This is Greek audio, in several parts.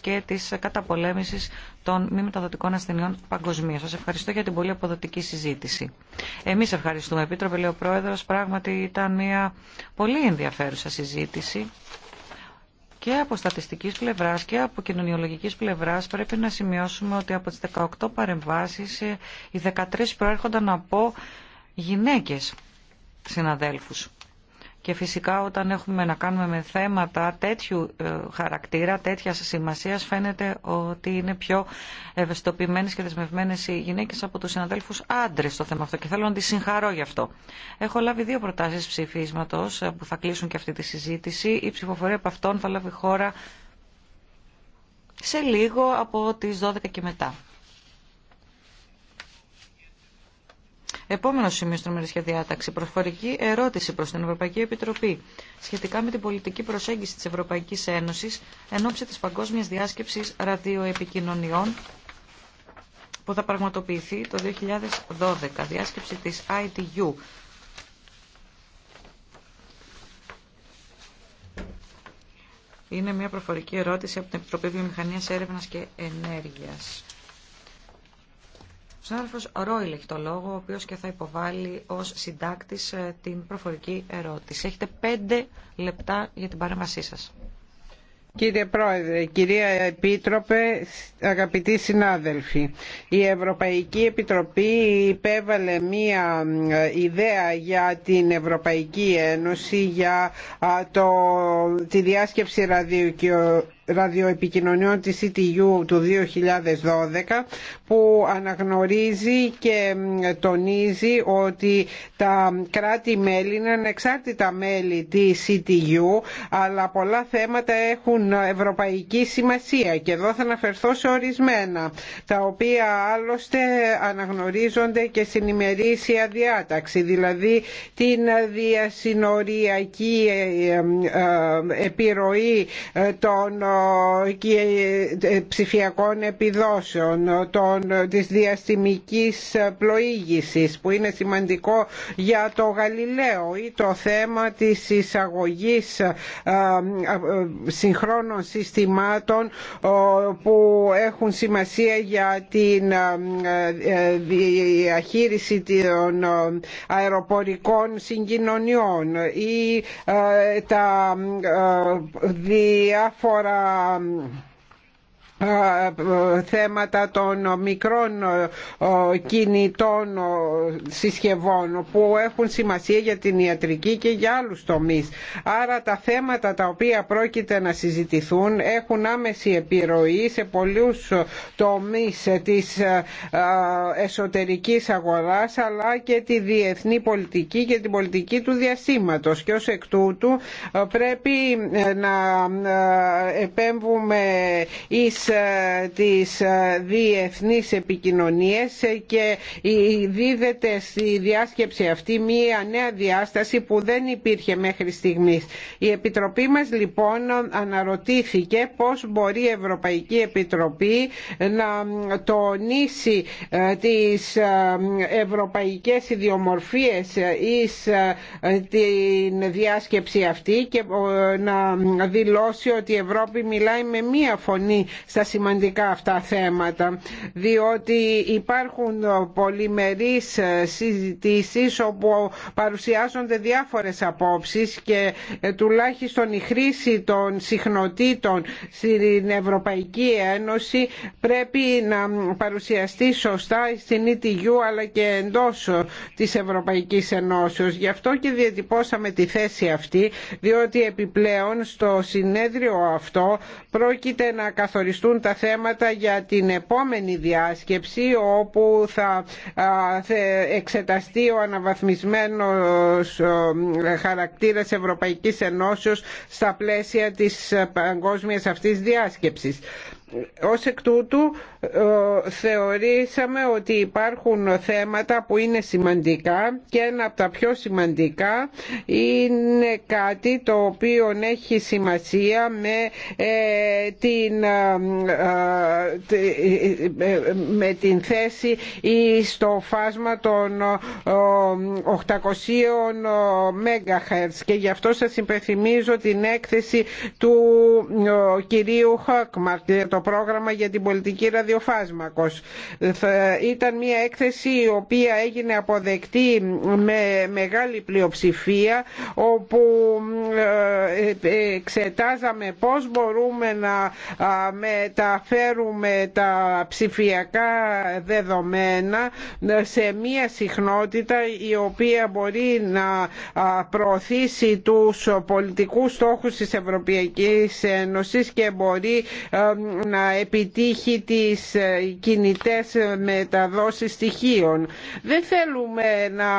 και της καταπολέμησης των μη μεταδοτικών ασθενειών παγκοσμίως. Σας ευχαριστώ για την πολύ αποδοτική συζήτηση. Εμείς ευχαριστούμε, Επίτροπε, λέει ο Πρόεδρος. Πράγματι ήταν μια πολύ ενδιαφέρουσα συζήτηση και από στατιστική πλευρά και από κοινωνιολογική πλευρά πρέπει να σημειώσουμε ότι από τι 18 παρεμβάσει οι 13 προέρχονταν από γυναίκε συναδέλφου. Και φυσικά όταν έχουμε να κάνουμε με θέματα τέτοιου ε, χαρακτήρα, τέτοια σημασία, φαίνεται ότι είναι πιο ευαισθητοποιημένε και δεσμευμένε οι γυναίκε από του συναδέλφου άντρε στο θέμα αυτό. Και θέλω να τη συγχαρώ γι' αυτό. Έχω λάβει δύο προτάσει ψηφίσματο ε, που θα κλείσουν και αυτή τη συζήτηση. Η ψηφοφορία από αυτόν θα λάβει χώρα σε λίγο από τι 12 και μετά. Επόμενο σημείο στην ομιλητική διάταξη. Προσφορική ερώτηση προ την Ευρωπαϊκή Επιτροπή σχετικά με την πολιτική προσέγγιση τη Ευρωπαϊκή Ένωση εν ώψη τη Παγκόσμια Διάσκεψη Ραδιοεπικοινωνιών που θα πραγματοποιηθεί το 2012. Διάσκεψη τη ITU. Είναι μια προφορική ερώτηση από την Επιτροπή Βιομηχανία Έρευνα και ενέργεια. Ο συνάδελφο Ρόιλ έχει το λόγο, ο οποίος και θα υποβάλει ως συντάκτης ε, την προφορική ερώτηση. Έχετε πέντε λεπτά για την παρέμβασή σας. Κύριε Πρόεδρε, κυρία Επίτροπε, αγαπητοί συνάδελφοι, η Ευρωπαϊκή Επιτροπή υπέβαλε μία ε, ιδέα για την Ευρωπαϊκή Ένωση για το, τη διάσκεψη ραδιοεπικοινωνιών της CTU του 2012 που αναγνωρίζει και τονίζει ότι τα κράτη-μέλη είναι ανεξάρτητα μέλη της CTU αλλά πολλά θέματα έχουν ευρωπαϊκή σημασία και εδώ θα αναφερθώ σε ορισμένα τα οποία άλλωστε αναγνωρίζονται και στην ημερήσια διάταξη δηλαδή την διασυνοριακή ε, ε, ε, επιρροή των ψηφιακών επιδόσεων, των, της διαστημικής πλοήγησης που είναι σημαντικό για το Γαλιλαίο ή το θέμα της εισαγωγής ε, ε, συγχρόνων συστημάτων ε, που έχουν σημασία για την διαχείριση των αεροπορικών συγκοινωνιών ή τα διάφορα αμ ε, ε, θέματα των μικρών ε, κινητών συσκευών που έχουν σημασία για την ιατρική και για άλλους τομείς. Άρα τα θέματα τα οποία πρόκειται να συζητηθούν έχουν άμεση επιρροή σε πολλούς τομείς της εσωτερικής αγοράς αλλά και τη διεθνή πολιτική και την πολιτική του διαστήματος και ως εκ τούτου πρέπει να επέμβουμε εις ε, τις ε, διεθνείς επικοινωνίες ε, και δίδεται στη διάσκεψη αυτή μία νέα διάσταση που δεν υπήρχε μέχρι στιγμής. Η Επιτροπή μας λοιπόν αναρωτήθηκε πώς μπορεί η Ευρωπαϊκή Επιτροπή να τονίσει τις ευρωπαϊκές ιδιομορφίες εις την διάσκεψη αυτή και να δηλώσει ότι η Ευρώπη μιλάει με μία φωνή στα σημαντικά αυτά θέματα διότι υπάρχουν πολυμερείς συζητήσεις όπου παρουσιάζονται διάφορες απόψεις και ε, τουλάχιστον η χρήση των συχνοτήτων στην Ευρωπαϊκή Ένωση πρέπει να παρουσιαστεί σωστά στην ETU αλλά και εντός της Ευρωπαϊκής Ενώσεως. Γι' αυτό και διατυπώσαμε τη θέση αυτή διότι επιπλέον στο συνέδριο αυτό πρόκειται να καθοριστούν συζητηθούν τα θέματα για την επόμενη διάσκεψη όπου θα εξεταστεί ο αναβαθμισμένος χαρακτήρας Ευρωπαϊκής Ενώσεως στα πλαίσια της παγκόσμιας αυτής διάσκεψης ως εκ τούτου ε, θεωρήσαμε ότι υπάρχουν θέματα που είναι σημαντικά και ένα από τα πιο σημαντικά είναι κάτι το οποίο έχει σημασία με, ε, την, ε, με την θέση στο φάσμα των 800 MHz και γι' αυτό σας υπενθυμίζω την έκθεση του κυρίου Χακμαρτ πρόγραμμα για την πολιτική ραδιοφάσμακος. Ήταν μια έκθεση η οποία έγινε αποδεκτή με μεγάλη πλειοψηφία όπου ε, εξετάζαμε πώς μπορούμε να μεταφέρουμε τα ψηφιακά δεδομένα σε μια συχνότητα η οποία μπορεί να προωθήσει τους πολιτικούς στόχους της Ευρωπαϊκής Ένωσης και μπορεί ε, να επιτύχει τις ε, κινητές ε, μεταδόσεις στοιχείων. Δεν θέλουμε να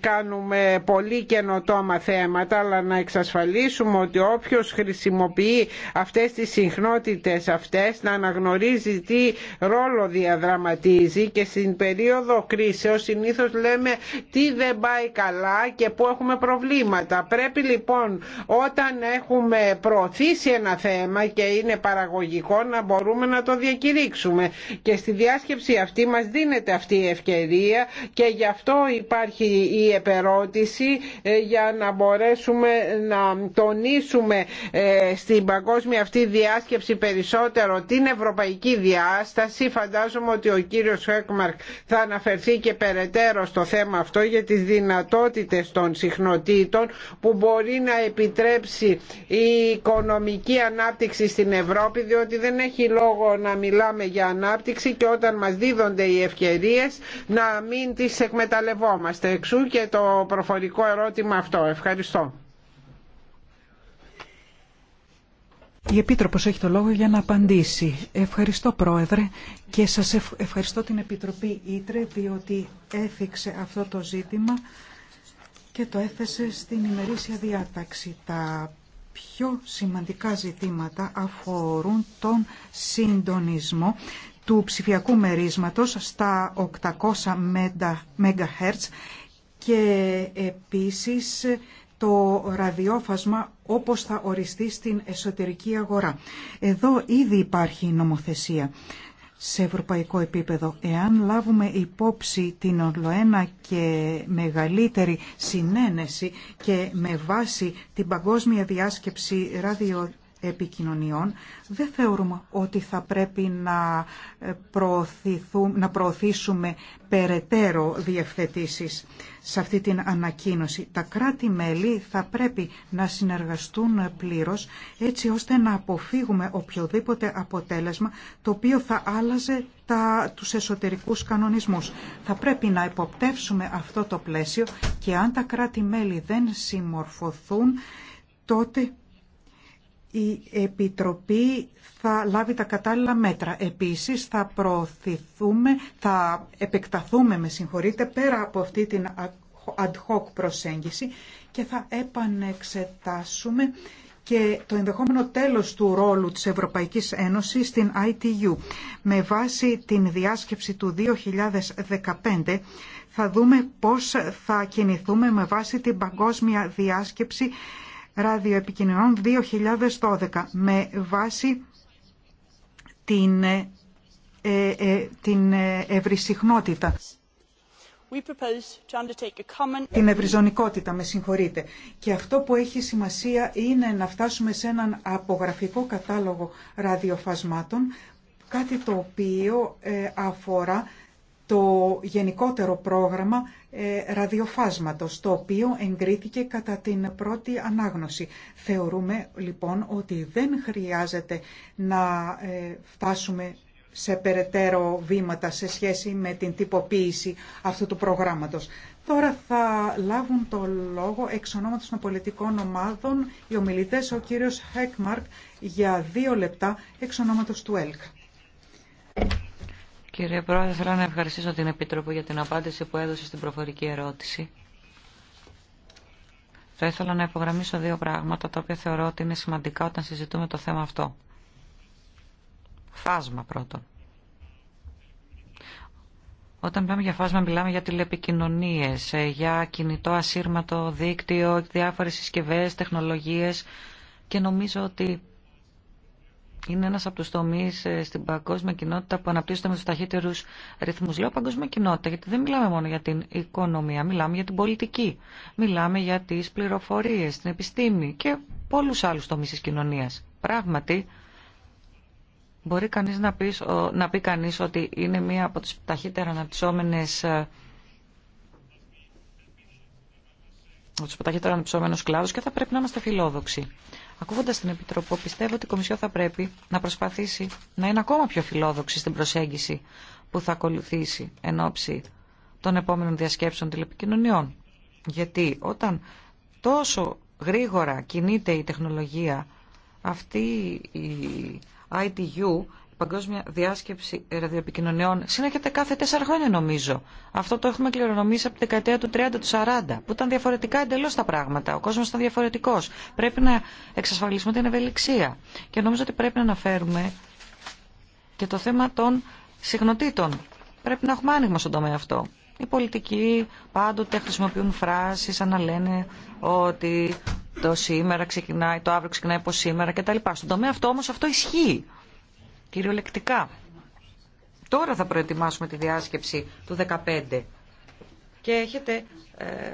κάνουμε πολύ καινοτόμα θέματα αλλά να εξασφαλίσουμε ότι όποιος χρησιμοποιεί αυτές τις συχνότητες αυτές να αναγνωρίζει τι ρόλο διαδραματίζει και στην περίοδο κρίσεως συνήθως λέμε τι δεν πάει καλά και που έχουμε προβλήματα. Πρέπει λοιπόν όταν έχουμε προωθήσει ένα θέμα και είναι παραγωγικό να μπορούμε μπορούμε να το διακηρύξουμε και στη διάσκεψη αυτή μας δίνεται αυτή η ευκαιρία και γι' αυτό υπάρχει η επερώτηση ε, για να μπορέσουμε να τονίσουμε ε, στην παγκόσμια αυτή διάσκεψη περισσότερο την ευρωπαϊκή διάσταση. Φαντάζομαι ότι ο κύριος Χέκμαρκ θα αναφερθεί και περαιτέρω στο θέμα αυτό για τις δυνατότητες των συχνοτήτων που μπορεί να επιτρέψει η οικονομική ανάπτυξη στην Ευρώπη διότι δεν έχει έχει λόγο να μιλάμε για ανάπτυξη και όταν μας δίδονται οι ευκαιρίες να μην τις εκμεταλλευόμαστε. Εξού και το προφορικό ερώτημα αυτό. Ευχαριστώ. Η Επίτροπος έχει το λόγο για να απαντήσει. Ευχαριστώ Πρόεδρε και σας ευχαριστώ την Επιτροπή Ήτρε διότι έθιξε αυτό το ζήτημα και το έθεσε στην ημερήσια διάταξη. Τα πιο σημαντικά ζητήματα αφορούν τον συντονισμό του ψηφιακού μερίσματος στα 800 MHz και επίσης το ραδιόφασμα όπως θα οριστεί στην εσωτερική αγορά. Εδώ ήδη υπάρχει νομοθεσία σε ευρωπαϊκό επίπεδο. Εάν λάβουμε υπόψη την ολοένα και μεγαλύτερη συνένεση και με βάση την παγκόσμια διάσκεψη ραδιο, επικοινωνιών, δεν θεωρούμε ότι θα πρέπει να, ε, να προωθήσουμε περαιτέρω διευθετήσεις σε αυτή την ανακοίνωση. Τα κράτη-μέλη θα πρέπει να συνεργαστούν πλήρως έτσι ώστε να αποφύγουμε οποιοδήποτε αποτέλεσμα το οποίο θα άλλαζε τα, τους εσωτερικούς κανονισμούς. Θα πρέπει να υποπτεύσουμε αυτό το πλαίσιο και αν τα κράτη-μέλη δεν συμμορφωθούν τότε η Επιτροπή θα λάβει τα κατάλληλα μέτρα. Επίσης θα προωθηθούμε, θα επεκταθούμε, με συγχωρείτε, πέρα από αυτή την ad hoc προσέγγιση και θα επανεξετάσουμε και το ενδεχόμενο τέλος του ρόλου της Ευρωπαϊκής Ένωσης στην ITU. Με βάση την διάσκεψη του 2015 θα δούμε πώς θα κινηθούμε με βάση την παγκόσμια διάσκεψη ραδιοεπικοινωνιών 2012 με βάση την, ε, ε, ε, την ευρυσυχνότητα. ευρυζωνικότητα, με συγχωρείτε. Και αυτό που έχει σημασία είναι να φτάσουμε σε έναν απογραφικό κατάλογο ραδιοφασμάτων, κάτι το οποίο αφορά το γενικότερο πρόγραμμα ε, ραδιοφάσματος, το οποίο εγκρίθηκε κατά την πρώτη ανάγνωση. Θεωρούμε λοιπόν ότι δεν χρειάζεται να ε, φτάσουμε σε περαιτέρω βήματα σε σχέση με την τυποποίηση αυτού του προγράμματος. Τώρα θα λάβουν το λόγο εξ ονόματος των πολιτικών ομάδων οι ομιλητές, ο κύριος Χέκμαρκ για δύο λεπτά εξ του ΕΛΚ. Κύριε Πρόεδρε, θέλω να ευχαριστήσω την Επίτροπο για την απάντηση που έδωσε στην προφορική ερώτηση. Θα ήθελα να υπογραμμίσω δύο πράγματα τα οποία θεωρώ ότι είναι σημαντικά όταν συζητούμε το θέμα αυτό. Φάσμα πρώτον. Όταν μιλάμε για φάσμα μιλάμε για τηλεπικοινωνίε. Ε, για κινητό ασύρματο δίκτυο, διάφορε συσκευέ, τεχνολογίε. και νομίζω ότι είναι ένας από τους τομείς ε, στην παγκόσμια κοινότητα που αναπτύσσεται με τους ταχύτερους ρυθμούς. Λέω παγκόσμια κοινότητα γιατί δεν μιλάμε μόνο για την οικονομία, μιλάμε για την πολιτική, μιλάμε για τις πληροφορίες, την επιστήμη και πολλούς άλλους τομείς της κοινωνίας. Πράγματι, μπορεί κανείς να πει, να πει ότι είναι μία από τις ταχύτερα αναπτυσσόμενες ε, του τώρα ανεψόμενου κλάδου και θα πρέπει να είμαστε φιλόδοξοι. Ακούγοντα την Επιτροπή, πιστεύω ότι η Κομισιό θα πρέπει να προσπαθήσει να είναι ακόμα πιο φιλόδοξη στην προσέγγιση που θα ακολουθήσει εν ώψη των επόμενων διασκέψεων τηλεπικοινωνιών. Γιατί όταν τόσο γρήγορα κινείται η τεχνολογία, αυτή η ITU παγκόσμια διάσκεψη ραδιοπικοινωνιών συνέχεται κάθε τέσσερα χρόνια νομίζω. Αυτό το έχουμε κληρονομήσει από την δεκαετία του 30, του 40, που ήταν διαφορετικά εντελώ τα πράγματα. Ο κόσμο ήταν διαφορετικό. Πρέπει να εξασφαλίσουμε την ευελιξία. Και νομίζω ότι πρέπει να αναφέρουμε και το θέμα των συχνοτήτων. Πρέπει να έχουμε άνοιγμα στον τομέα αυτό. Οι πολιτικοί πάντοτε χρησιμοποιούν φράσει να λένε ότι το σήμερα ξεκινάει, το αύριο ξεκινάει από σήμερα κτλ. Στον τομέα αυτό όμω αυτό ισχύει κυριολεκτικά. Τώρα θα προετοιμάσουμε τη διάσκεψη του 2015 και έχετε, ε,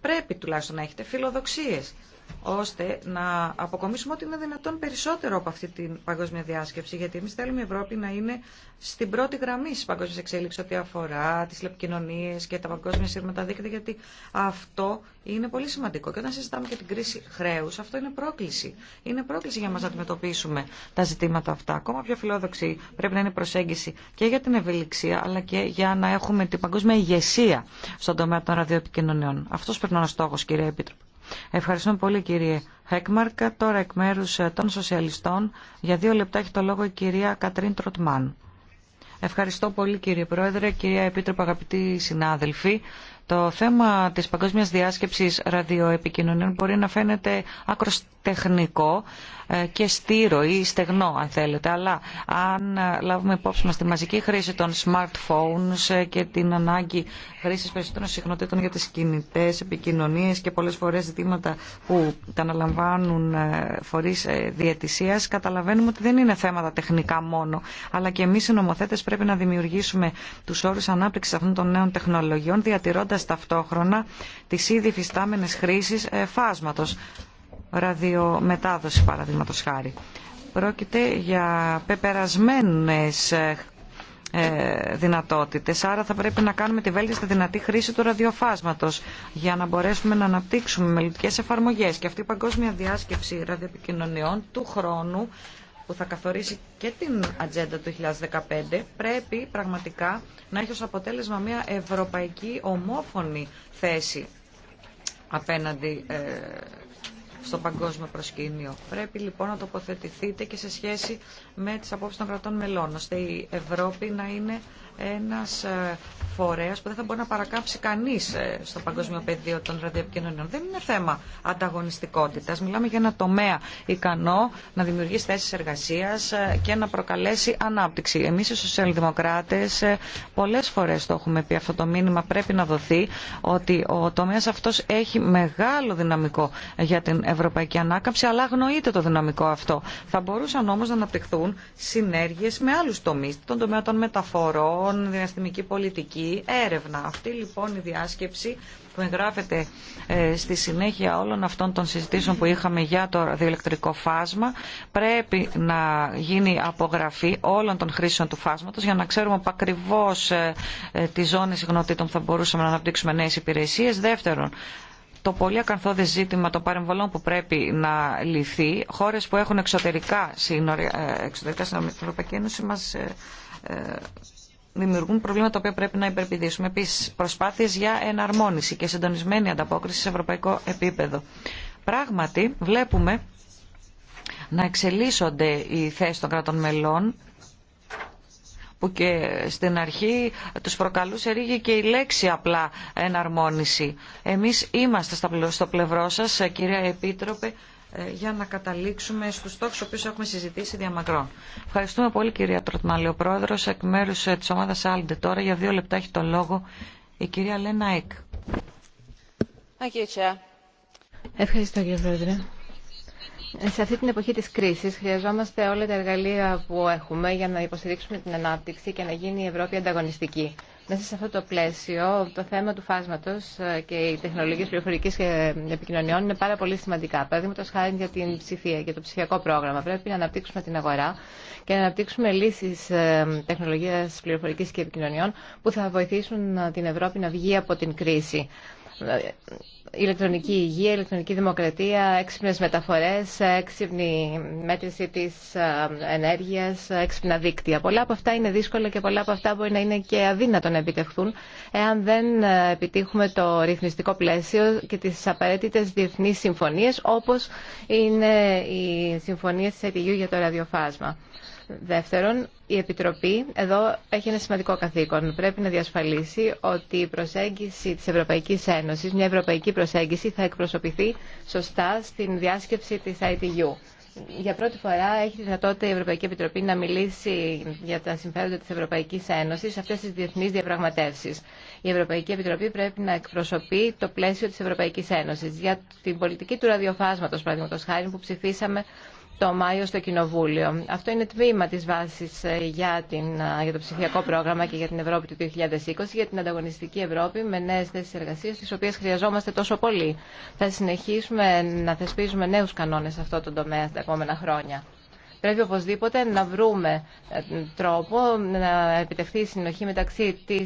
πρέπει τουλάχιστον να έχετε φιλοδοξίες ώστε να αποκομίσουμε ό,τι είναι δυνατόν περισσότερο από αυτή την παγκόσμια διάσκεψη. Γιατί εμεί θέλουμε η Ευρώπη να είναι στην πρώτη γραμμή τη παγκόσμια εξέλιξη ό,τι αφορά τι λεπικοινωνίε και τα παγκόσμια σύρματα δίκτυα. Γιατί αυτό είναι πολύ σημαντικό. Και όταν συζητάμε και την κρίση χρέου, αυτό είναι πρόκληση. Είναι πρόκληση για μα να αντιμετωπίσουμε τα ζητήματα αυτά. Ακόμα πιο φιλόδοξη πρέπει να είναι η προσέγγιση και για την ευελιξία, αλλά και για να έχουμε την παγκόσμια ηγεσία στον τομέα των ραδιοεπικοινωνιών. Αυτό πρέπει να είναι ο στόχο, κύριε Ευχαριστώ πολύ κύριε Χέκμαρκα. Τώρα εκ μέρου ε, των Σοσιαλιστών για δύο λεπτά έχει το λόγο η κυρία Κατρίν Τροτμάν. Ευχαριστώ πολύ κύριε Πρόεδρε, κυρία Επίτροπα, αγαπητοί συνάδελφοι. Το θέμα της παγκόσμιας διάσκεψης ραδιοεπικοινωνίων μπορεί να φαίνεται άκρος τεχνικό ε, και στήρο ή στεγνό αν θέλετε, αλλά αν ε, λάβουμε υπόψη μας τη μαζική χρήση των smartphones ε, και την ανάγκη χρήσης περισσότερων συχνοτήτων για τις κινητές επικοινωνίες και πολλές φορές ζητήματα που τα αναλαμβάνουν φορείς διαιτησίας, καταλαβαίνουμε ότι δεν είναι θέματα τεχνικά μόνο, αλλά και εμείς οι νομοθέτες πρέπει να δημιουργήσουμε τους όρους ανάπτυξης αυτών των νέων τεχνολογιών, διατηρώντα ταυτόχρονα τις ήδη φυστάμενες χρήσεις ε, φάσματος, ραδιομετάδοση παραδείγματο χάρη. Πρόκειται για πεπερασμένες ε, ε, δυνατότητες. Άρα θα πρέπει να κάνουμε τη βέλτιστη δυνατή χρήση του ραδιοφάσματος για να μπορέσουμε να αναπτύξουμε μελλοντικές εφαρμογές. Και αυτή η παγκόσμια διάσκεψη ραδιοπικοινωνιών του χρόνου που θα καθορίσει και την ατζέντα του 2015 πρέπει πραγματικά να έχει ως αποτέλεσμα μια ευρωπαϊκή ομόφωνη θέση απέναντι ε, στο παγκόσμιο προσκήνιο. Πρέπει λοιπόν να τοποθετηθείτε και σε σχέση με τις απόψεις των κρατών μελών, ώστε η Ευρώπη να είναι ένας ε, φορέας που δεν θα μπορεί να παρακάψει κανείς ε, στο παγκόσμιο πεδίο των ραδιοεπικοινωνιών. Δεν είναι θέμα ανταγωνιστικότητας. Μιλάμε για ένα τομέα ικανό να δημιουργήσει θέσεις εργασίας ε, και να προκαλέσει ανάπτυξη. Εμείς οι σοσιαλδημοκράτες πολλές φορές το έχουμε πει αυτό το μήνυμα πρέπει να δοθεί ότι ο τομέας αυτός έχει μεγάλο δυναμικό για την ευρωπαϊκή ανάκαμψη αλλά αγνοείται το δυναμικό αυτό. Θα μπορούσαν όμως να αναπτυχθούν συνέργειες με άλλους τομείς, τον τομέα των μεταφορών, λοιπόν διαστημική πολιτική έρευνα. Αυτή λοιπόν η διάσκεψη που εγγράφεται ε, στη συνέχεια όλων αυτών των συζητήσεων που είχαμε για το διελεκτρικό φάσμα πρέπει να γίνει απογραφή όλων των χρήσεων του φάσματος για να ξέρουμε ακριβώ ε, τις ζώνες που θα μπορούσαμε να αναπτύξουμε νέες υπηρεσίες. Δεύτερον, το πολύ ακαθόδε ζήτημα των παρεμβολών που πρέπει να λυθεί, χώρες που έχουν εξωτερικά σύνορα, ε, εξωτερικά σύνορα με την Ευρωπαϊκή Ένωση μας ε, δημιουργούν προβλήματα τα οποία πρέπει να υπερπηδήσουμε. Επίση, προσπάθειε για εναρμόνιση και συντονισμένη ανταπόκριση σε ευρωπαϊκό επίπεδο. Πράγματι, βλέπουμε να εξελίσσονται οι θέσει των κρατών μελών που και στην αρχή τους προκαλούσε ρίγη και η λέξη απλά εναρμόνιση. Εμείς είμαστε στο πλευρό σας, κυρία Επίτροπε, ε, για να καταλήξουμε στους στόχους που έχουμε συζητήσει διαμακρών. Ευχαριστούμε πολύ κυρία Τροτμάλη. Ο πρόεδρος εκ μέρους ε, της ομάδας Άλντε τώρα για δύο λεπτά έχει το λόγο η κυρία Λένα Εκ. Ευχαριστώ κύριε Πρόεδρε. Ε, σε αυτή την εποχή της κρίσης χρειαζόμαστε όλα τα εργαλεία που έχουμε για να υποστηρίξουμε την ανάπτυξη και να γίνει η Ευρώπη ανταγωνιστική. Μέσα σε αυτό το πλαίσιο, το θέμα του φάσματος ε, και οι τεχνολογίε πληροφορική και επικοινωνιών είναι πάρα πολύ σημαντικά. Παραδείγματο χάρη για την ψηφία, για το ψηφιακό πρόγραμμα. Πρέπει να αναπτύξουμε την αγορά και να αναπτύξουμε λύσεις ε, τεχνολογίας πληροφορική και επικοινωνιών που θα βοηθήσουν ε, την Ευρώπη να βγει από την κρίση. Ε, ηλεκτρονική υγεία, ηλεκτρονική δημοκρατία, έξυπνες μεταφορές, έξυπνη μέτρηση της ε, ενέργειας, έξυπνα δίκτυα. Πολλά από αυτά είναι δύσκολα και πολλά από αυτά μπορεί να είναι και αδύνατο να επιτευχθούν εάν δεν ε, επιτύχουμε το ρυθμιστικό πλαίσιο και τις απαραίτητες διεθνείς συμφωνίες όπως είναι οι συμφωνίες της ΕΤΙΓΙΟΥ για το ραδιοφάσμα. Δεύτερον, η Επιτροπή εδώ έχει ένα σημαντικό καθήκον. Πρέπει να διασφαλίσει ότι η προσέγγιση της Ευρωπαϊκής Ένωσης, μια ευρωπαϊκή προσέγγιση, θα εκπροσωπηθεί σωστά στην διάσκεψη της ITU. Για πρώτη φορά έχει τη δυνατότητα η Ευρωπαϊκή Επιτροπή να μιλήσει για τα συμφέροντα της Ευρωπαϊκής Ένωσης σε αυτές τις διεθνείς διαπραγματεύσεις. Η Ευρωπαϊκή Επιτροπή πρέπει να εκπροσωπεί το πλαίσιο της Ευρωπαϊκής Ένωσης. Για την πολιτική του ραδιοφάσματος, παραδείγματος χάρη, που ψηφίσαμε το Μάιο στο Κοινοβούλιο. Αυτό είναι τμήμα της βάσης ε, για, ε, για το ψηφιακό πρόγραμμα και για την Ευρώπη του 2020, για την ανταγωνιστική Ευρώπη με νέες θέσεις εργασίας, τις οποίες χρειαζόμαστε τόσο πολύ. Θα συνεχίσουμε να θεσπίζουμε νέους κανόνες σε αυτό το τομέα τα επόμενα χρόνια. Πρέπει οπωσδήποτε να βρούμε ε, τρόπο να επιτευχθεί η συνοχή μεταξύ τη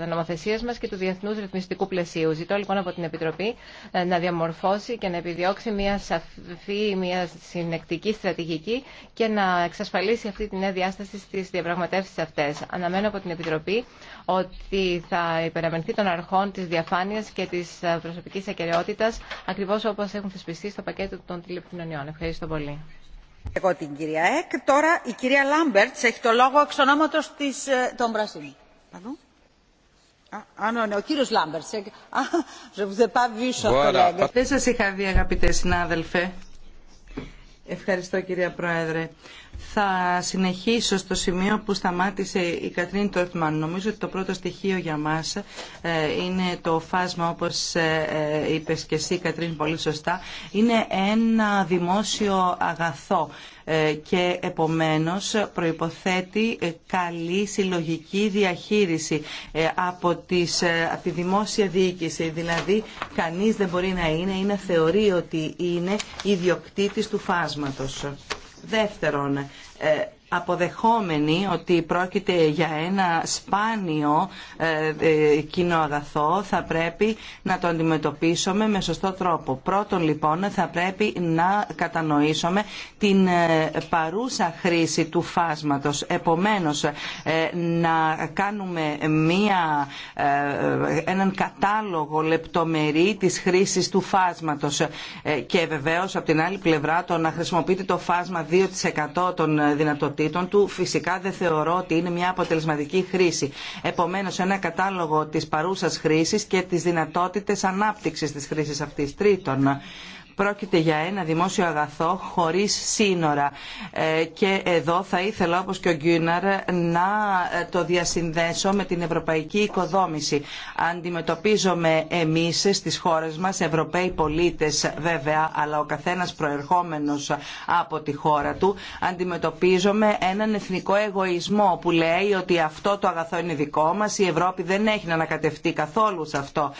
ε, νομοθεσία μα και του διεθνού ρυθμιστικού πλαισίου. Ζητώ λοιπόν από την Επιτροπή ε, να διαμορφώσει και να επιδιώξει μια σαφή, μια συνεκτική στρατηγική και να εξασφαλίσει αυτή τη νέα διάσταση στι διαπραγματεύσει αυτέ. Αναμένω από την Επιτροπή ότι θα υπεραμενθεί των αρχών τη διαφάνεια και τη προσωπική ακαιρεότητα, ακριβώ όπω έχουν θεσπιστεί στο πακέτο των τηλεπικοινωνιών. Ευχαριστώ πολύ. Εγώ την κυρία Εκ. Τώρα η κυρία Λάμπερτς έχει το λόγο εξ ονόματος της, ε, των Πρασίνων. Ah, non, non, ο κύριος Λάμπερτς. Ah, je vous ai pas vu, Δεν σας είχα δει αγαπητέ συνάδελφε. Ευχαριστώ κυρία Πρόεδρε. Θα συνεχίσω στο σημείο που σταμάτησε η Κατρίν Τόρτμαν. Νομίζω ότι το πρώτο στοιχείο για μας ε, είναι το φάσμα, όπως ε, ε, είπες και εσύ Κατρίν πολύ σωστά, είναι ένα δημόσιο αγαθό ε, και επομένως προϋποθέτει ε, καλή συλλογική διαχείριση ε, από, τις, από τη δημόσια διοίκηση. Δηλαδή κανείς δεν μπορεί να είναι ή να θεωρεί ότι είναι ιδιοκτήτης του φάσματος. Δεύτερον, αποδεχόμενοι ότι πρόκειται για ένα σπάνιο ε, ε, κοινό αγαθό θα πρέπει να το αντιμετωπίσουμε με σωστό τρόπο. Πρώτον λοιπόν θα πρέπει να κατανοήσουμε την ε, παρούσα χρήση του φάσματος. Επομένως να κάνουμε μία, έναν κατάλογο λεπτομερή της χρήσης του φάσματος και βεβαίως από την άλλη πλευρά το να χρησιμοποιείται το φάσμα 2% των δυνατοτήτων του φυσικά δεν θεωρώ ότι είναι μια αποτελεσματική χρήση. Επομένως ένα κατάλογο της παρούσας χρήση και τις δυνατότητες ανάπτυξης της χρήση αυτής. Τρίτον, Πρόκειται για ένα δημόσιο αγαθό χωρίς σύνορα ε, και εδώ θα ήθελα όπως και ο Γκίναρ να ε, το διασυνδέσω με την ευρωπαϊκή οικοδόμηση. Αντιμετωπίζομαι εμείς στις χώρες μας Ευρωπαίοι πολίτες βέβαια αλλά ο καθένας προερχόμενος από τη χώρα του αντιμετωπίζομαι έναν εθνικό εγωισμό που λέει ότι αυτό το αγαθό είναι δικό μας, η Ευρώπη δεν έχει να ανακατευτεί καθόλου σε αυτό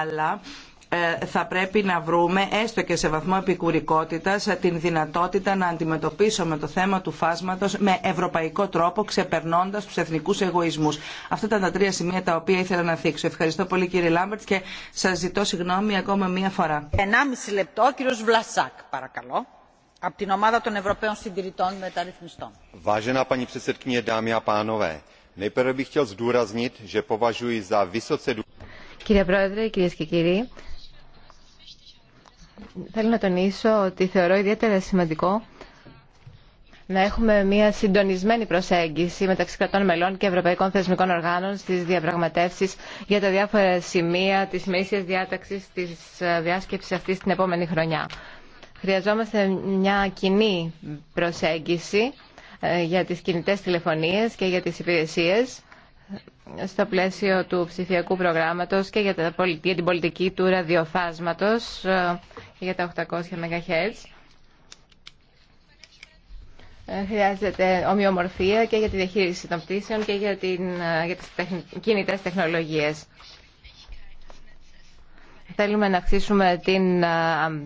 αλλά ε, θα πρέπει να βρούμε έστω και σε βαθμό επικουρικότητας την δυνατότητα να αντιμετωπίσουμε το θέμα του φάσματος με ευρωπαϊκό τρόπο ξεπερνώντας τους εθνικούς εγωισμούς. Αυτά ήταν τα τρία σημεία τα οποία ήθελα να θίξω. Ευχαριστώ πολύ κύριε Λάμπερτ και σας ζητώ συγγνώμη ακόμα μία φορά. 1,5 λεπτό κύριος Βλασάκ παρακαλώ. Από την ομάδα των Ευρωπαίων Συντηρητών Μεταρρυθμιστών. Vážená paní předsedkyně, dámy a pánové, nejprve bych chtěl zdůraznit, že považuji za vysoce Κύριε Πρόεδρε, κυρίες και κύριοι, Θέλω να τονίσω ότι θεωρώ ιδιαίτερα σημαντικό να έχουμε μια συντονισμένη προσέγγιση μεταξύ κρατών μελών και ευρωπαϊκών θεσμικών οργάνων στις διαπραγματεύσει για τα διάφορα σημεία της μείσιας διάταξης τη διάσκεψης αυτής την επόμενη χρονιά. Χρειαζόμαστε μια κοινή προσέγγιση ε, για τις κινητές τηλεφωνίες και για τις υπηρεσίες ε, στο πλαίσιο του ψηφιακού προγράμματος και για την πολιτική του ραδιοφάσματος ε, για τα 800 MHz. Ε, χρειάζεται ομοιομορφία και για τη διαχείριση των πτήσεων και για, την, ε, για τις κινητές τεχνολογίες. Θέλουμε να αυξήσουμε την ε,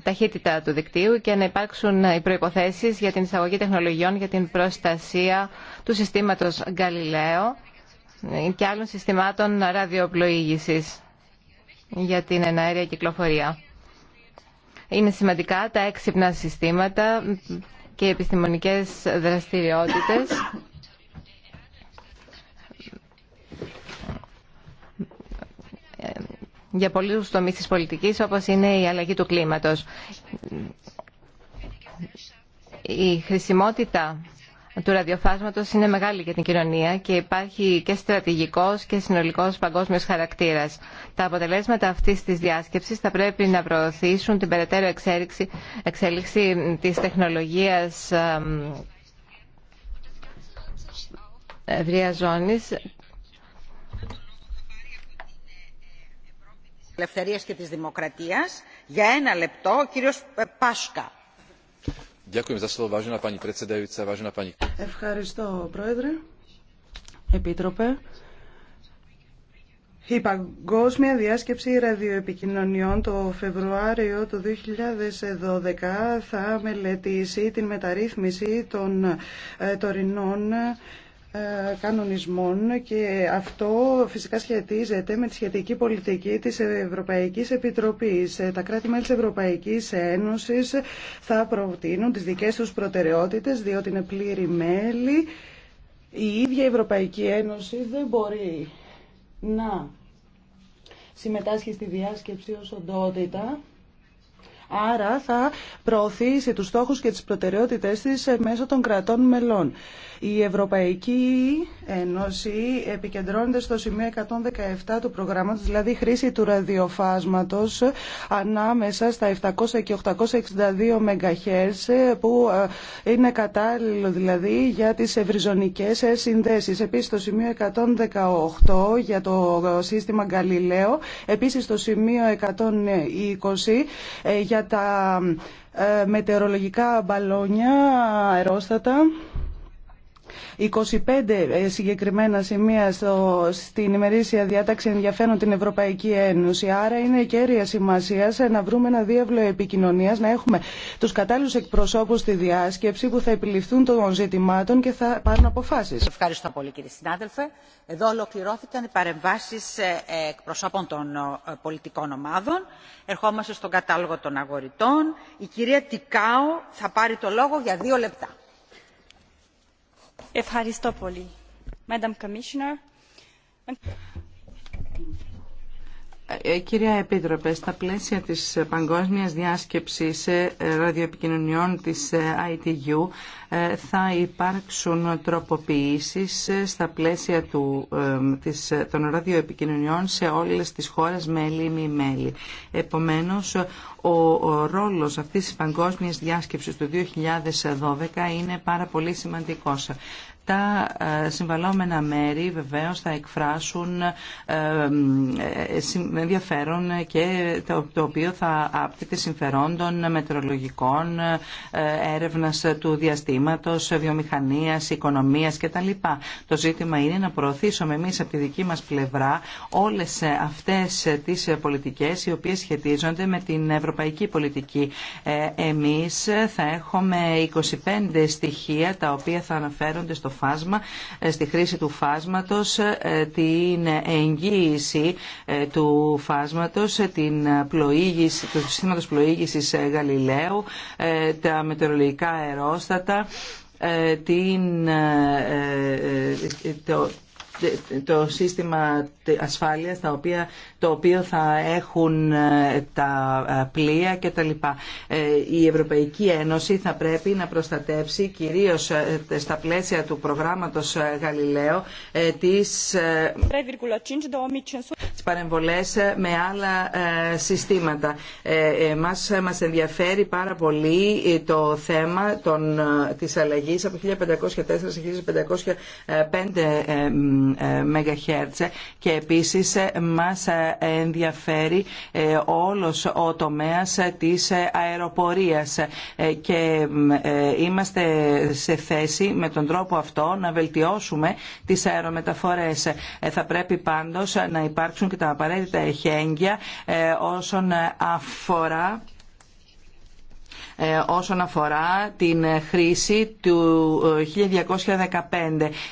ταχύτητα του δικτύου και να υπάρξουν οι προϋποθέσεις για την εισαγωγή τεχνολογιών για την προστασία του συστήματος Galileo και άλλων συστημάτων ραδιοπλοήγησης για την εναέρια κυκλοφορία. Είναι σημαντικά τα έξυπνα συστήματα και οι επιστημονικές δραστηριότητες. για πολλούς τομείς της πολιτικής όπως είναι η αλλαγή του κλίματος. Η χρησιμότητα του ραδιοφάσματος είναι μεγάλη για την κοινωνία και υπάρχει και στρατηγικός και συνολικός παγκόσμιος χαρακτήρας. Τα αποτελέσματα αυτής της διάσκεψης θα πρέπει να προωθήσουν την περαιτέρω εξέλιξη, εξέλιξη της τεχνολογίας ευρεία ζώνης Ελευθερίας και της Δημοκρατίας για ένα λεπτό ο κύριος Πάσκα. Ευχαριστώ, Πρόεδρε. Επίτροπε. Η Παγκόσμια Διάσκεψη Ραδιοεπικοινωνιών το Φεβρουάριο του 2012 θα μελετήσει την μεταρρύθμιση των ε, τωρινών ε, κανονισμών και αυτό φυσικά σχετίζεται με τη σχετική πολιτική της Ευρωπαϊκής Επιτροπής. Ε, τα κράτη-μέλη της Ευρωπαϊκής Ένωσης θα προτείνουν τις δικές τους προτεραιότητες διότι είναι πλήρη μέλη. Η ίδια η Ευρωπαϊκή Ένωση δεν μπορεί να συμμετάσχει στη διάσκεψη ως οντότητα Άρα θα προωθήσει τους στόχους και τις προτεραιότητες της μέσω των κρατών μελών. Η Ευρωπαϊκή Ένωση επικεντρώνεται στο σημείο 117 του προγράμματος, δηλαδή χρήση του ραδιοφάσματος ανάμεσα στα 700 και 862 MHz που ε, είναι κατάλληλο δηλαδή για τις ευρυζωνικές συνδέσεις. Επίσης το σημείο 118 για το σύστημα Galileo, επίσης το σημείο 120 ε, για τα ε, μετεωρολογικά μπαλόνια αερόστατα 25 ε, συγκεκριμένα σημεία στο, στην ημερήσια διάταξη ενδιαφέρον την Ευρωπαϊκή Ένωση. Άρα είναι κέρια σημασία να βρούμε ένα διεύλο επικοινωνία, να έχουμε του κατάλληλου εκπροσώπου στη διάσκεψη που θα επιληφθούν των ζητημάτων και θα πάρουν αποφάσει. Ευχαριστώ πολύ κύριε συνάδελφε. Εδώ ολοκληρώθηκαν οι παρεμβάσει ε, ε, εκπροσώπων των πολιτικών ομάδων. Ερχόμαστε στον κατάλογο των αγορητών. Η κυρία Τικάου θα πάρει το λόγο για δύο λεπτά. Madam Commissioner. Ε, κυρία Επίτροπε, στα πλαίσια της παγκόσμιας διάσκεψης ε, ραδιοεπικοινωνιών της ε, ITU θα υπάρξουν τροποποιήσεις στα πλαίσια του, της, των ραδιοεπικοινωνιών σε όλες τις χώρες μέλη ή μη μέλη. Επομένως, ο, ο ρόλος αυτής της παγκόσμιας διάσκεψης του 2012 είναι πάρα πολύ σημαντικός τα ε, συμβαλόμενα μέρη βεβαίως θα εκφράσουν ε, ε, ενδιαφέρον και το οποίο θα άπτεται συμφερόντων μετρολογικών έρευνας του διαστήματος, βιομηχανίας, οικονομίας κτλ. Το ζήτημα είναι να προωθήσουμε εμείς από τη δική μας πλευρά όλες αυτές τις πολιτικές οι οποίες σχετίζονται με την ευρωπαϊκή πολιτική. Εμείς θα έχουμε 25 στοιχεία τα οποία θα αναφέρονται στο φάσμα, ε, στη χρήση του φάσματος, ε, την εγγύηση ε, του φάσματος, την πλοήγηση, του συστήματος πλοήγησης Γαλιλαίου, τα μετεωρολογικά αερόστατα, την, το, το σύστημα ασφάλειας τα οποία, το οποίο θα έχουν ε, τα ε, πλοία λοιπά. Ε, η Ευρωπαϊκή Ένωση θα πρέπει να προστατεύσει κυρίως στα πλαίσια του προγράμματος Γαλιλαίο τις, τις παρεμβολές με άλλα συστήματα. Μας, μας ενδιαφέρει πάρα πολύ το θέμα των, της αλλαγής από 1504 σε 1505 MHz και επίσης μας ενδιαφέρει ε, όλος ο τομέας της αεροπορίας ε, και ε, είμαστε σε θέση με τον τρόπο αυτό να βελτιώσουμε τις αερομεταφορές. Θα πρέπει πάντως να υπάρξουν και τα απαραίτητα εχέγγυα όσον αφορά ε, όσον αφορά την χρήση του 1215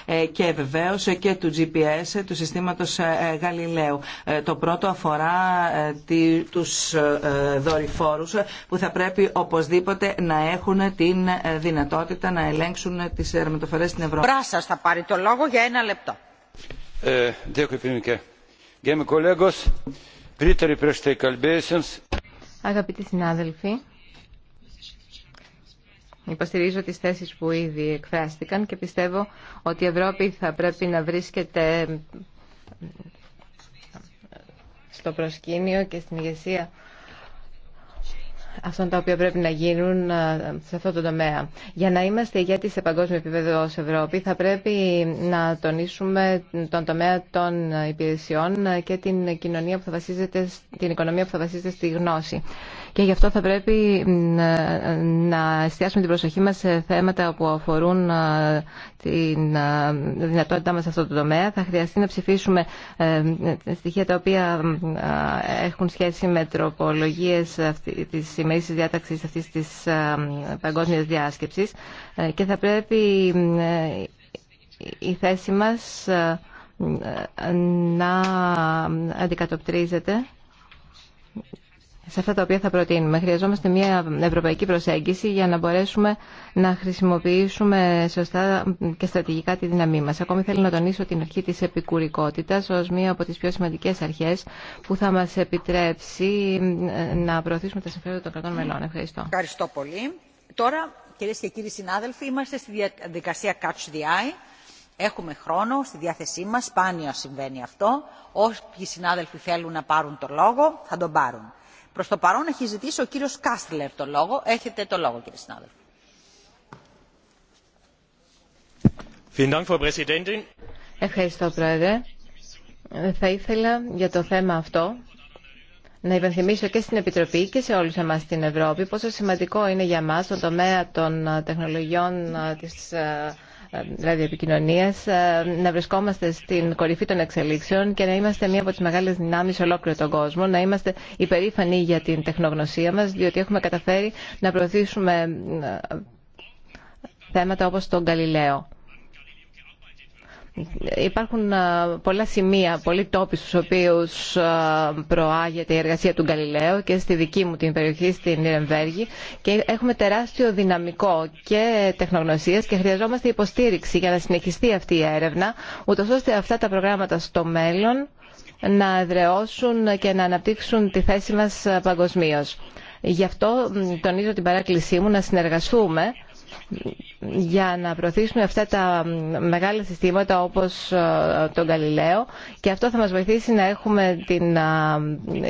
ε, ε, και βεβαίως και του GPS του συστήματος Γαλιλαίου. Το πρώτο αφορά τους δορυφόρους που θα πρέπει οπωσδήποτε να έχουν την δυνατότητα να ελέγξουν τις ερμητοφορές στην Ευρώπη. θα πάρει το λόγο για ένα λεπτό. Ε, Αγαπητοί συνάδελφοι, Υποστηρίζω τις θέσεις που ήδη εκφράστηκαν και πιστεύω ότι η Ευρώπη θα πρέπει να βρίσκεται στο προσκήνιο και στην ηγεσία αυτών τα οποία πρέπει να γίνουν ε, σε αυτό το τομέα. Για να είμαστε ηγέτη σε παγκόσμιο επίπεδο ως Ευρώπη θα πρέπει να τονίσουμε τον τομέα των υπηρεσιών και την κοινωνία που θα βασίζεται, την οικονομία που θα βασίζεται στη γνώση και γι' αυτό θα πρέπει να εστιάσουμε την προσοχή μας σε θέματα που αφορούν την δυνατότητά μας σε αυτό το τομέα. Θα χρειαστεί να ψηφίσουμε ε, στοιχεία τα οποία έχουν σχέση με τροπολογίες της ημερήσης διάταξης αυτής της παγκόσμιας διάσκεψης ε, και θα πρέπει ε, η θέση μας να αντικατοπτρίζεται σε αυτά τα οποία θα προτείνουμε. Χρειαζόμαστε μια ευρωπαϊκή προσέγγιση για να μπορέσουμε να χρησιμοποιήσουμε σωστά και στρατηγικά τη δύναμή μας. Ακόμη θέλω να τονίσω την αρχή τη επικουρικότητας ω μία από τι πιο σημαντικέ αρχέ που θα μα επιτρέψει ε, να προωθήσουμε τα συμφέροντα των κρατών μελών. Ευχαριστώ. Ευχαριστώ πολύ. Τώρα, κυρίε και κύριοι συνάδελφοι, είμαστε στη διαδικασία Catch the Eye. Έχουμε χρόνο στη διάθεσή μας, σπάνια συμβαίνει αυτό. όσοι συνάδελφοι θέλουν να πάρουν το λόγο, θα τον πάρουν Προς το παρόν έχει ζητήσει ο κύριος Κάστλερ το λόγο. Έχετε το λόγο κύριε συνάδελφε. Ευχαριστώ Πρόεδρε. Θα ήθελα για το θέμα αυτό να υπενθυμίσω και στην Επιτροπή και σε όλους εμάς στην Ευρώπη πόσο σημαντικό είναι για μας το τομέα των τεχνολογιών ε, της ε, ε, ραδιοεπικοινωνία, ε, να βρισκόμαστε στην κορυφή των εξελίξεων και να είμαστε μία από τι μεγάλε δυνάμει σε ολόκληρο τον κόσμο, να είμαστε υπερήφανοι για την τεχνογνωσία μα, διότι έχουμε καταφέρει να προωθήσουμε ε, θέματα όπω τον Γαλιλαίο. Υπάρχουν πολλά σημεία, πολλοί τόποι στους οποίους προάγεται η εργασία του Γκαλιλαίου και στη δική μου την περιοχή στην Νιρεμβέργη και έχουμε τεράστιο δυναμικό και τεχνογνωσίας και χρειαζόμαστε υποστήριξη για να συνεχιστεί αυτή η έρευνα ούτως ώστε αυτά τα προγράμματα στο μέλλον να εδραιώσουν και να αναπτύξουν τη θέση μας παγκοσμίω. Γι' αυτό τονίζω την παράκλησή μου να συνεργαστούμε για να προωθήσουμε αυτά τα μεγάλα συστήματα όπως ε, τον Γαλιλαίο και αυτό θα μας βοηθήσει να έχουμε την ε,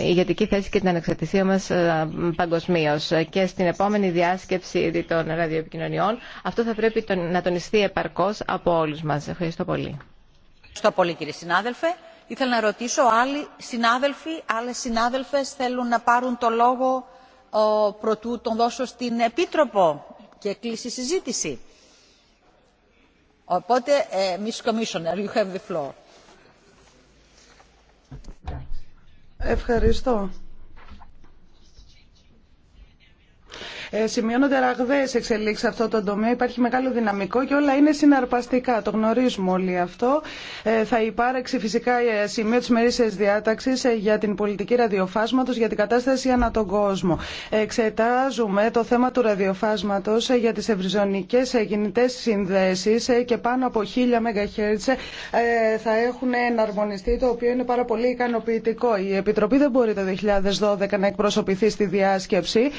ηγετική θέση και την ανεξαρτησία μας ε, παγκοσμίω. Και στην επόμενη διάσκεψη των ραδιοεπικοινωνιών αυτό θα πρέπει να τονιστεί επαρκώς από όλους μας. Ευχαριστώ πολύ. Ευχαριστώ πολύ κύριε συνάδελφε. Ήθελα να ρωτήσω άλλοι συνάδελφοι, άλλες συνάδελφες θέλουν να πάρουν το λόγο πρωτού τον δώσω στην Επίτροπο και κλείσει η συζήτηση. Οπότε, ε, Miss Commissioner, you have the floor. Ευχαριστώ. Ε, σημειώνονται ραγδαίε εξελίξει σε αυτό το τομέα. Υπάρχει μεγάλο δυναμικό και όλα είναι συναρπαστικά. Το γνωρίζουμε όλοι αυτό. Ε, θα υπάρξει φυσικά ε, σημείο τη μερίσια διάταξη για την πολιτική ραδιοφάσματο, για την κατάσταση ανά τον κόσμο. Εξετάζουμε το θέμα του ραδιοφάσματο για τι ευρυζωνικέ κινητέ συνδέσει και πάνω από 1000 MHz θα έχουν εναρμονιστεί, το οποίο είναι πάρα πολύ ικανοποιητικό. Η Επιτροπή δεν μπορεί το 2012 να εκπροσωπηθεί στη διάσκεψη.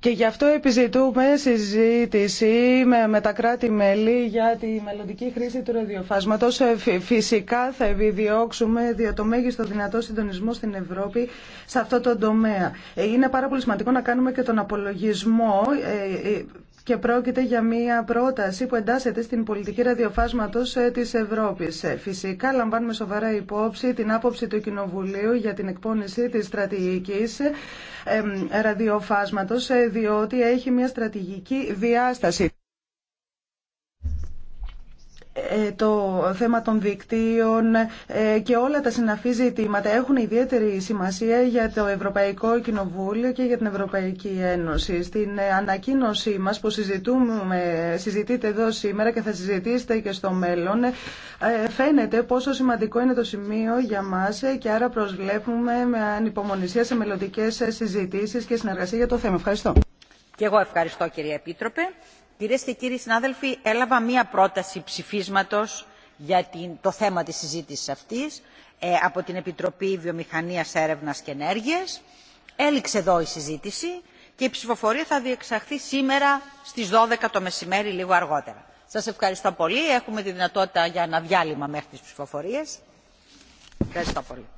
Και γι' αυτό επιζητούμε συζήτηση με, με τα κράτη-μέλη για τη μελλοντική χρήση του ραδιοφάσματος. Ε, φυσικά θα επιδιώξουμε δια το μέγιστο δυνατό συντονισμό στην Ευρώπη σε αυτό το τομέα. Ε, είναι πάρα πολύ σημαντικό να κάνουμε και τον απολογισμό ε, και πρόκειται για μια πρόταση που εντάσσεται στην πολιτική ραδιοφάσματο ε, τη Ευρώπη. Ε, φυσικά, λαμβάνουμε σοβαρά υπόψη την άποψη του Κοινοβουλίου για την εκπόνηση τη στρατηγική ε, ραδιοφάσματο, διότι έχει μια στρατηγική διάσταση. Ε, το θέμα των δικτύων ε, και όλα τα συναφή ζητήματα έχουν ιδιαίτερη σημασία για το Ευρωπαϊκό Κοινοβούλιο και για την Ευρωπαϊκή Ένωση. Στην ε, ανακοίνωσή μας που συζητούμε, συζητείτε εδώ σήμερα και θα συζητήσετε και στο μέλλον φαίνεται πόσο σημαντικό είναι το σημείο για μας και άρα προσβλέπουμε με ανυπομονησία σε μελλοντικέ συζητήσεις και συνεργασία για το θέμα. Ευχαριστώ. Και εγώ ευχαριστώ κύριε Επίτροπε. Κυρίες και κύριοι συνάδελφοι, έλαβα μία πρόταση ψηφίσματος για το θέμα της συζήτησης αυτής ε, από την Επιτροπή Βιομηχανίας, Έρευνας και Ενέργειας. Έληξε εδώ η συζήτηση και η ψηφοφορία θα διεξαχθεί σήμερα στις 12 το μεσημέρι, λίγο αργότερα. Σας ευχαριστώ πολύ. Έχουμε τη δυνατότητα για ένα διάλειμμα μέχρι τις ψηφοφορίες. Ευχαριστώ πολύ.